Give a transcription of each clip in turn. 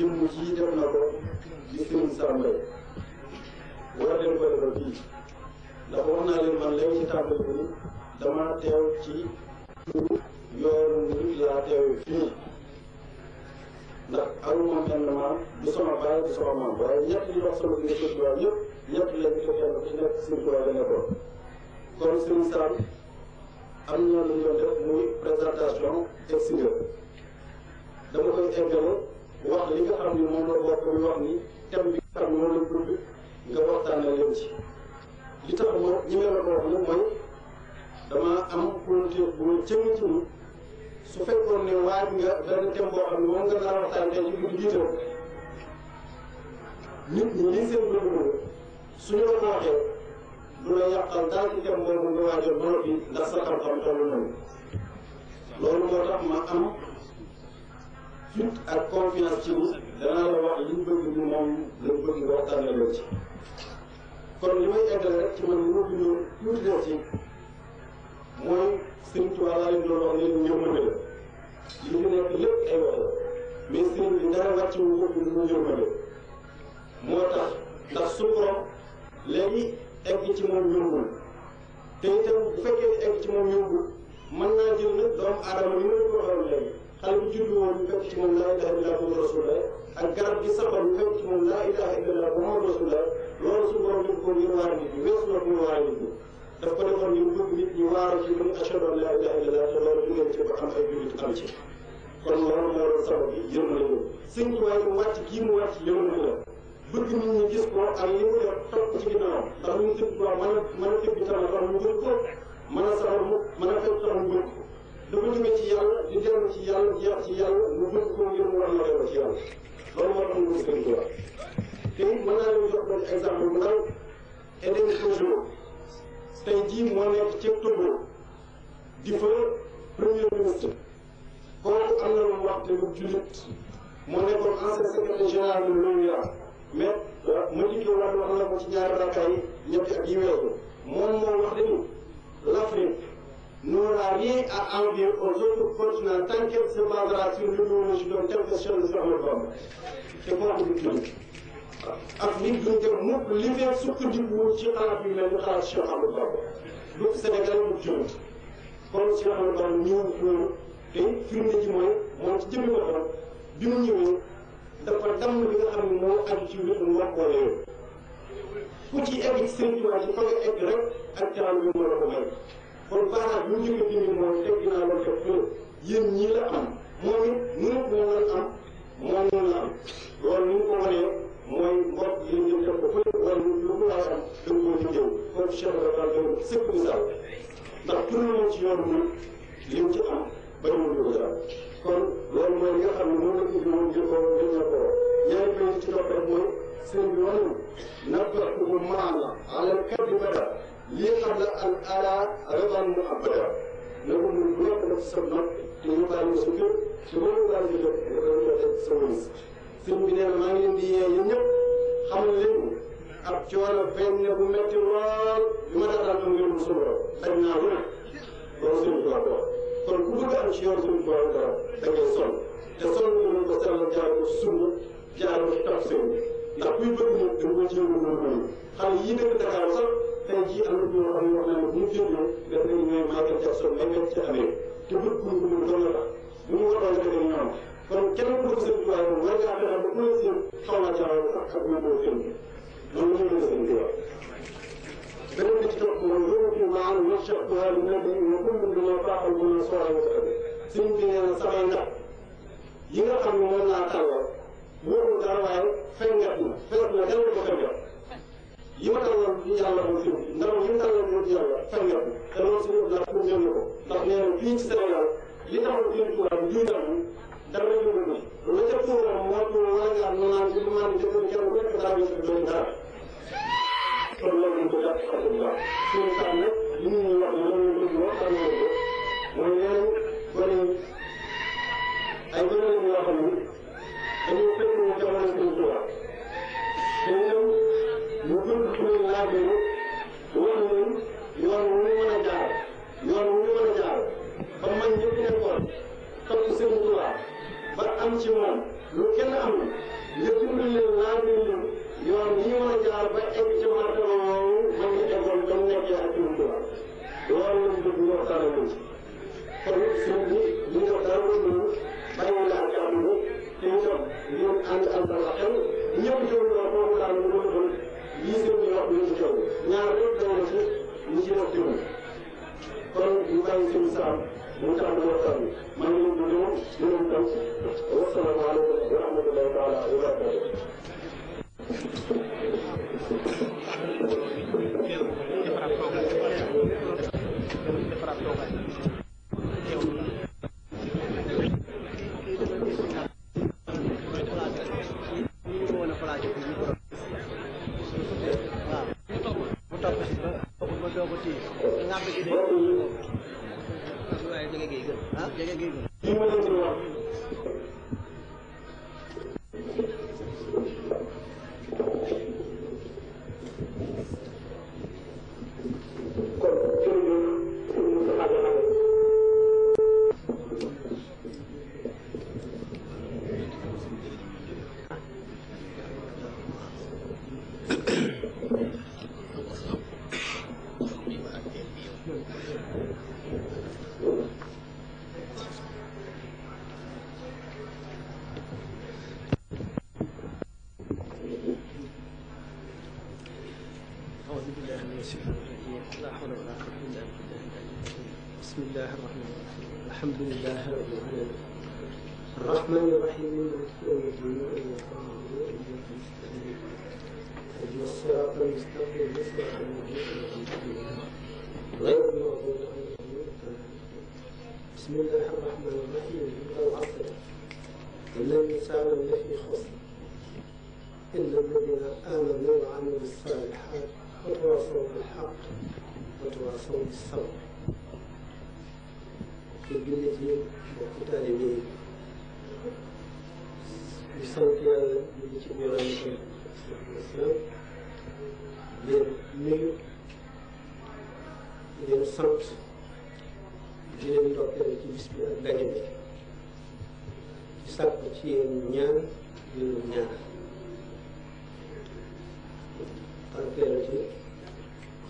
jëmm ji def na ko di Serigne Sam Mbaye war leen ko fii ndax wax naa leen man léegi ci tàmbali dama teew ci turu yoonu murid laa teewee fii ndax aruma mel na maam du sama baay du sama maam waaye ñett di wax sama bi nga Sëriñ Sam am na lu ñu def muy présentation te dama koy eggale wax li nga xam ne moom la bokk ñu wax ni thème bi nga xam ne leen ci li tax ma ñi mel dama am volonté bu ma jëm ci ñu loolu moo tax ma am. fit ak confiance ci ñun danaa la wax li ñu bëgg ñu moom la bëgg nga waxtaanee ci. kon li may eggale rek ci man li ma bindoo la li fi nekk lépp ay wax la mais sëriñ bi dara wàcc wu ko lu mu yërmande moo tax ndax suñu borom léegi egg ci moom yombul te itam bu fekkee egg ci moom yombul mën naa jël nag doomu aadama yi ma leen ko xal bu julli woon fekk ci moom laa ilaha illa allah rasulullah ak garab gi saxoon fekk ci moom laa ilaha illa allah muhammad rasulullah loolu su borom def ko ngir waar nit ñi weesu na ko waar nit ñi daf ko defoon ngir bëgg nit ñi waaru ci laa ilaha illa allah te loolu bu ngeen ci ko xam ay jullit xam ci kon loolu moo doon sabab bi yërëm nañu sëñ tuwaay mu wàcc gii mu wàcc yërëm nañu la bëgg nit ñi gis ko ak li mu def topp ci ginnaaw ndax ñu a mën a tëgg mu gën ko mën a saxal mu mën a tëgg tax mu dugg nga ci yàlla di dellu ci yàlla jeex ci yàlla lu mu war ci yàlla loolu moo tax ñu bëgg te mën naa leen jox benn exemple bu ndaw Eden tey jii moo nekk ci Togo di premier ministre kooku am na lu wax te lu moo nekkoon ancien secrétaire général de l'ONU mais euh, ma liggéey wàllu wax na ko ci ñaari rakkaay ñetti ak yi weesu moom moo wax dañu l'Afrique Nous, la rien à envier aux autres continents tant qu'elle se basera sur l'idéologie dont quelque chose sera le bon. C'est moi qui le dis. Afrique du Nord mukk li fee sukkandiku ci xalaat yu mel ni xalaat Cheikh Ahmadou Bamba du Sénégal bu juróom kon Cheikh Ahmadou Bamba ñëw ñëw te firnde ji mooy moom ci jëmmi boppam bi mu ñëwee dafa damm li nga xam ne moo aju ci wér mu wax boole yow ku ci egg seen tubaab yi fa nga egg rek ak caalu yu mën a ko may kon parent bu njëkk a bind mooy teg naa loolu fekk loolu yéen ñii la am moom it mënut na mën am moom mën na am loolu ni ñu ko wanee mooy mbokk yi ñu jël ko fële wala lu mu laay am da koo ci jëw foofu Cheikh ci yoon bi li mu ci am bariwul lu ko daal kon loolu mooy li xam ne moom la ñu ko jël ko jël na ko ci topp mooy سنون نبعهم معنا على الكلمة ليحل أن أرى رضا مؤبدا نقول من بلوك نفس النبع تنبع المسجد تنبع المسجد تنبع المسجد sëñ bi nee na maa ngi leen di yee yéen ñëpp xamal leen ab coono benn bu métti lool bi ma daan daan am ngeen mos a borom. xëy naa lu ne loolu sëñ bi wax kon ku bëgg am ci yoon sëñ bi dara da ngay sonn te sonn bi ko sellal jaar ko sunna jaar ko topp sëñ bi ndax kuy bëgg ñoom te ñoo ci yëngu ñoom ñoom xale yii dëkk Dakar sax tey jii am na ñoo xam ne wax nañu bu ñu jëndee def nañu ne Michael Jackson lañ nekk ci année te bëgg ko mu doon la tax bu ñu waxoon rek dañu ñoom kon kenn ku ko seen tubaab moom war ngaa fexe ba ku la seen xaw naa jaaw ak ak ñu ko seen loolu mooy la seen tubaab beneen bi ci topp mooy loolu fi maanaam ñoo ci ëpp waaye dina dem ñoo ko mën dina faaxal mën a soxla nga sa ëpp seen bi nee na samay ndax yi nga xam ne moom laa tàllal loolu yi ma tàllal yàlla mooy fi ndam yi ma tàllal mooy yàlla fan yàlla te loolu suñu la ko jël na ko ndax nee na fii ci Sénégal li taxoon jënd tubaab bi juutal bi dara ñu ko ko la ca tuuram moo ko wala nga am naan ci maam jënd kenn ku nekk daa yëg doon dara kon loolu ko jàpp alhamdulilah suñu sàmm li ñuy wax ne loolu ñu ko wax xam nga ko mooy nee nañ ay yeneen yoo xam ni dañoo fekk jamono suñu tubaab ñoom ñi ñu toog dara woon nañu bàyyi la ak kàddu gi ñu toog ñoom ànd ak bala xel ñëpp ñëw ñu wax moom daal lu ko defal lii seen ñu wax ñu ci toog ñaar rek daw na fi ñu ci wax jëm kon ñu bàyyi suñu saam mu tàmbali waxtaan bi maa ngi leen di nuyu di leen tam wasalaamaaleykum wa rahmatullahi taala wa barakatuh بسم الله الرحمن الرحيم الحمد لله رب العالمين الرحمن الرحيم مالك يوم الدين إياك نعبد وإياك نستعين اهدنا الصراط المستقيم صراط الذين أنعمت عليهم غير المغضوب عليهم ولا الضالين بسم الله الرحمن الرحيم والعصر إن الإنسان لفي خسر إلا الذين آمنوا وعملوا الحق وتواصوا بالصبر ki jullit yi bokk taalibe yi di sant yàlla ñu ci yonente islam leen nuyu leen sant di leen ndokkeel ci bis bi ak daje bi di sàkk ci yéen ñaan di leen ñaan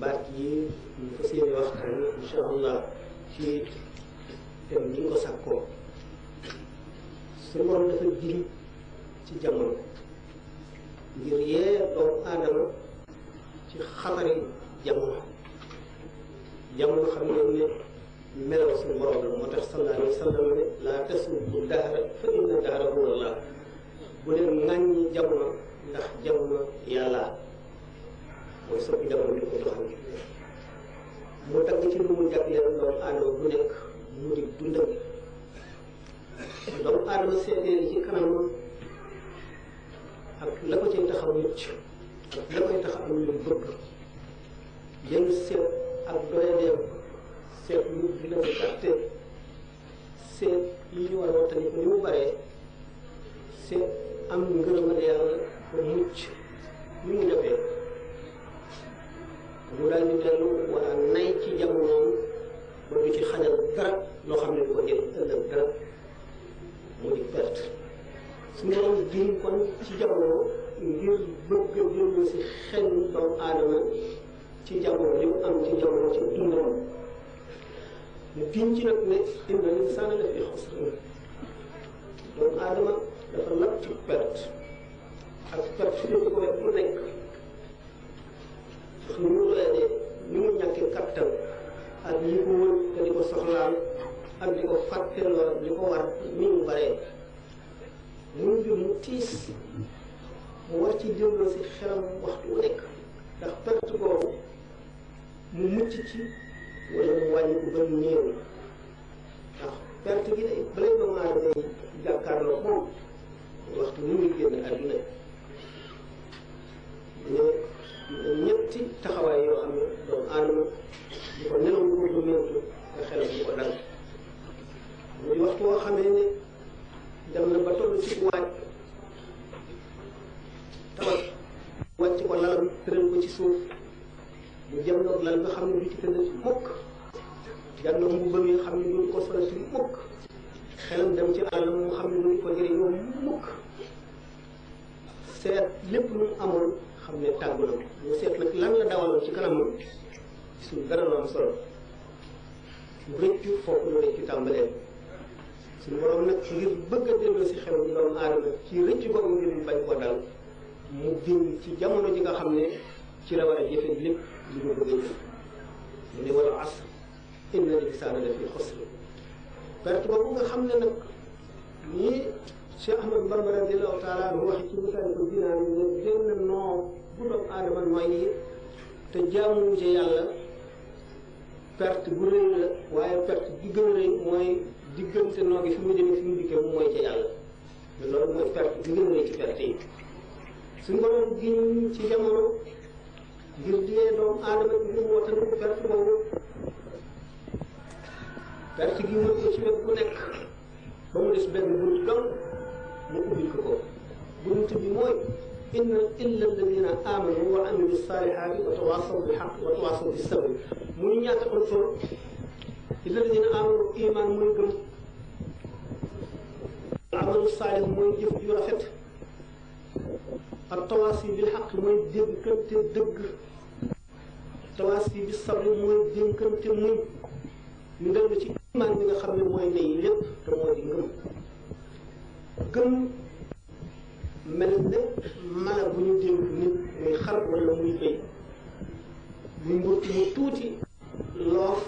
baat yi ñu fas yéene waxtaan incha allah ci thème yi ko sàkkoo suñu borom dafa jiri ci jamono ngir yee doomu aadama ci xabari jamono jamono xam ne ne melaw suñu borom la moo tax sallallahu alayhi wa sallam ne laa tasubbu dahra fa inna dahra bu leen ŋàññi jamono ndax jamono yàlla mooy soppi jamono bi ko doxal mu tagg ci lu mu jagleel doomu nekk mu di dundam doomu aadama seetee li ci kanamam ak la ko cay taxaw mucc ak la koy taxaw am lu bëgg seet yi ñu war a waxtaanee ni mu baree seet am ngërëmal yàlla ba mucc ni mu defee mu daal di dellu war a nay ci jamonoom ba du ci xajal dara loo xam ne ko jël ëllëg mu di perte suñu borom jëm kon ci jamono ngir bëgg a jëloo si xelu doomu aadama ci jamono li mu am ci jamono ci dundam mu giñ ci nag ne inna l'insaana lafii doomu aadama dafa lap ci perte ak perte fi ko wet bu nekk ni mu doyadee ni mu ñàkkee kattan ak yi ko wër te di ko soxlaal ak di ko fàtteloo li ko war ni mu baree muy mbir mu tiis mu war ci jëmloo si xelam waxtu nekk ndax perte boobu mu mucc ci wala mu wàññi ko ba néew ndax perte gi day balay doomu aadama day jàkkaarloo moom waxtu ni muy génn àdduna ne ñetti taxawaay yoo xam ne doomu aadama bu ko nelaw bu ko yëngatu te xelam bu ko dal muy waxtu woo xamee ne dem na ba toll ci waaj tawat ci suuf mu jëm noog lal xam ne du ci tëddati mukk jàng na mu bëri xam ne duñ ko solati mukk xelam dem ci àll mu xam ne duñ ko jëriñoo mukk seet lépp lu mu amoon xam ne tàggu na mu seet nag lan la dawaloon ci kanamam gisul dara lu am solo mu rëccu foofu la rëccu tàmbalee suñu borom nag ngir bëgg a delloo si xelu doomu aadama ci rëccu boobu ngir ñu bañ koo dal mu jëm ci jamono ji nga xam ne ci la war a jëfe lépp li mu bëgg a ne wala asr inna l-insaana lafii xusr perte boobu nga xam ne nag nii Cheikh Ahmad Bamba radiyallahu taala anhu wax ci bu doomu aadama noyyi te jaamu ci yàlla perte bu rëy la waaye perte bi gën a rëy mooy diggante noo fi mu jëm fi mu dikkee mu mooy ca yàlla loolu mooy perte doomu aadama bi ngir moo tax perte boobu perte gi mën ko wet bu nekk ba mu des benn bunt dong mu ubbil ko ko bunt bi mooy إن إلا الذين آمنوا وعملوا الصالحات وتواصوا بالحق وتواصوا بالصبر من يتقل فر إلا الذين آمنوا إيمان من قم العمل الصالح من جف يرفت التواصي بالحق من دين كنت دق التواصي بالصبر من دين كنت من ñu dellu ci iman bi nga xam ne mooy ndey lépp te moo di ngëm gëm mel ne mala bu ñu dénk nit muy xar wala muy bëy muy tuuti loof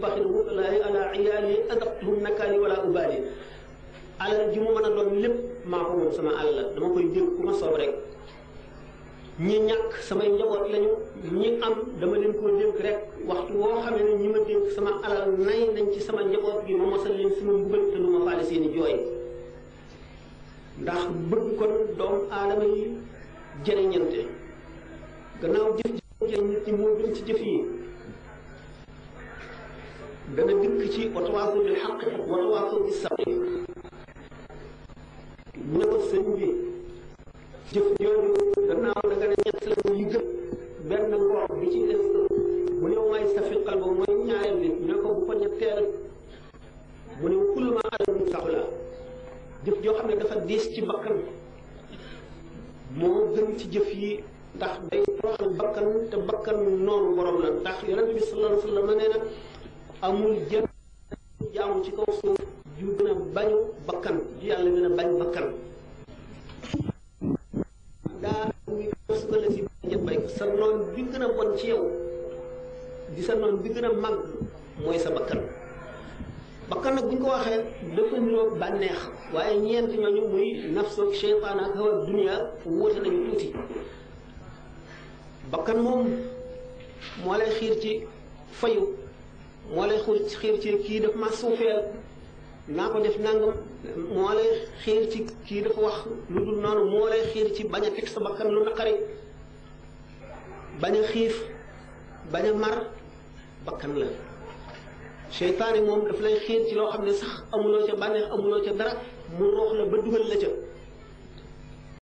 yudahhiruhu lillaahi ala iyaalihi adaqtuhu nakaali wala ubaali alal ji mu mën a doon lépp maa sama alal la dama koy jël ku ma soob rek ñi ñàkk samay njaboot lañu ñi am dama leen koo dénk rek waxtu woo xamee ne ñi ma dénk sama alal nay nañ ci sama njaboot gi ma mosal leen sama mbugal te du ma faale seeni jooy ndax bëgg kon doom aadama yi jëriñante gannaaw jëf jëriñ nit ñi moo gën ci jëf yi ci wa tawaasaw bil xaq wa tawaasaw bis sabr mu ne ko sëñ bi jëf jooju gannaaw da nga ne ñett la ñu gëm benn ngoor bi ci des mu ne waay safil qalba mooy ñaareel bi mu ko bu ko ñetteel mu ne kullu ma ala mu saxla jëf joo xam ne dafa diis ci bakkan moo gën ci jëf yi ndax day toroxal bakkan te bakkan noonu borom la ndax yonent bi sallallahu amul jën jaamu ci kaw suuf ju gën a bañu bakkan ju yàlla gën a bañ bakkan daa muy sukkale si jëm sa noon bi gën a bon ci yow di sa noon bi gën a màgg mooy sa bakkan bakkan nag bu ñu ko waxee dafa niroo bànneex waaye ñeent ñooñu muy nafsu ak seytaan ak hawa dunia wóote nañu tuuti bakkan moom moo lay xiir ci fayu moo lay xur xiir ci kii daf ma suufeel naa ko def nangam moo lay xiir ci kii dafa wax lu du noonu moo lay xiir ci bañ a teg sa bakkan lu naqari bañ a xiif bañ a mar bakkan la yi moom daf lay xiir ci loo xam ne sax amuloo ca bànneex amuloo ca dara mu roox la ba dugal la ca